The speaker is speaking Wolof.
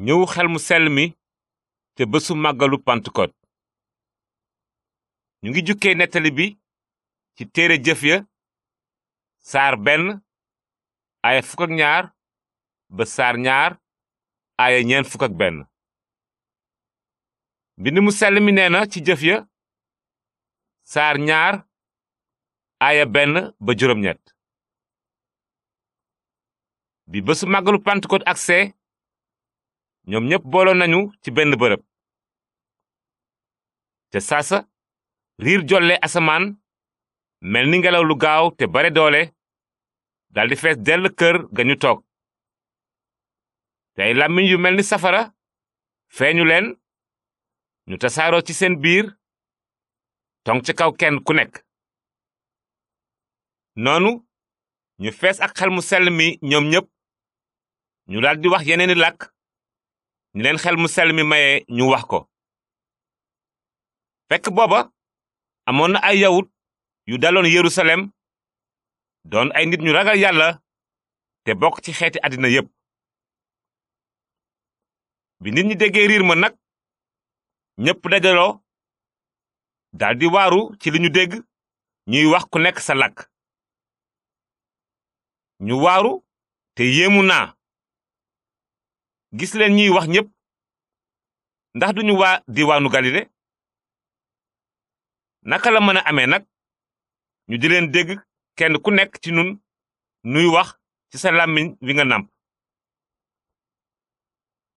ñëw xel mu sell mi te bësu màggalu Pentecôte ñu ngi jukkee nettali bi ci téere jëf ya saar benn aaya fukk ak ba saar ñaar aaya ñeent fukk mu sell mi nee na ci jëf ya saar ñaar aaya benn ba juróom-ñett bi bésu màggalu Pentecôte agsee ñoom ñépp booloo nañu ci benn bërëb te saasa riir jolle asamaan mel ni ngelaw lu gaaw te bare doole daldi fees dell kër ga ñu toog te ay làmmiñ yu mel ni safara feeñu leen ñu tasaaroo ci seen biir tong ci kaw kenn ku nekk noonu ñu fees ak xel mu sell mi ñoom ñépp ñu daldi wax yeneeni lakk ñu leen xel mu sell mi maye ñu wax ko fekk booba amoon na ay yawut yu daloon yerusalem doon ay nit ñu ragal yàlla te bokk ci xeeti àddina yépp bi nit ñi déggee riir ma nag ñépp dajaloo daldi waaru ci li ñu dégg ñuy wax ku nekk sa làkk ñu waaru te yéemu naa gis leen ñiy wax ñépp ndax du ñu waa diwaanu galile naka la mën a amee nag ñu di leen dégg kenn ku nekk ci nun nuy wax ci sa làmmiñ wi nga nàmp